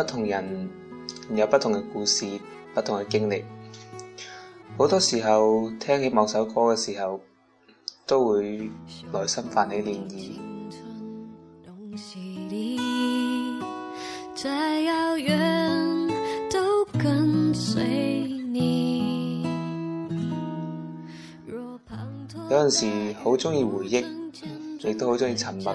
不同人有不同嘅故事，不同嘅經歷。好多時候聽起某首歌嘅時候，都會內心泛起漣漪。有陣時好鍾意回憶，亦都好鍾意沉默。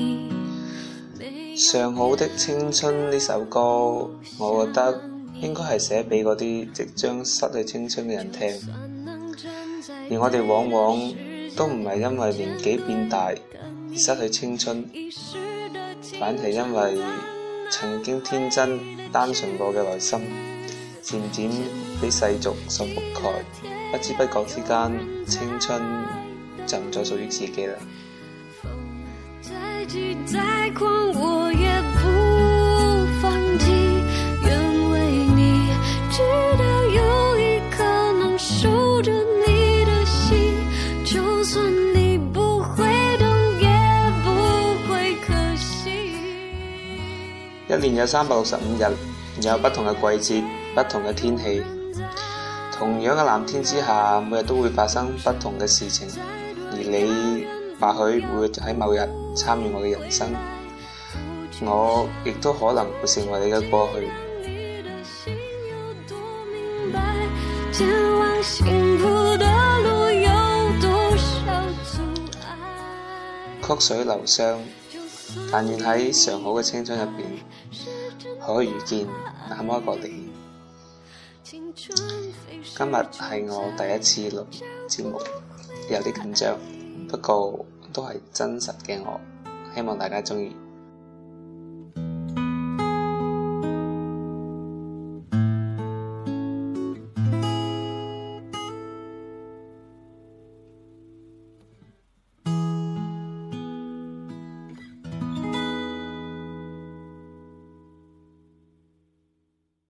上好的青春呢首歌，我覺得應該係寫俾嗰啲即將失去青春嘅人聽。而我哋往往都唔係因為年紀變大而失去青春，反係因為曾經天真單純過嘅內心，漸漸俾世俗所覆蓋，不知不覺之間，青春就唔再屬於自己啦。一年有三百六十五日，有不同嘅季節，不同嘅天氣。同樣嘅藍天之下，每日都會發生不同嘅事情。而你，或許會喺某日參與我嘅人生，我亦都可能會成為你嘅過去。曲水流觴，但願喺尚好嘅青春入邊，可遇見那麼一個你。今日係我第一次錄節目，有啲緊張，不過都係真實嘅我，希望大家鍾意。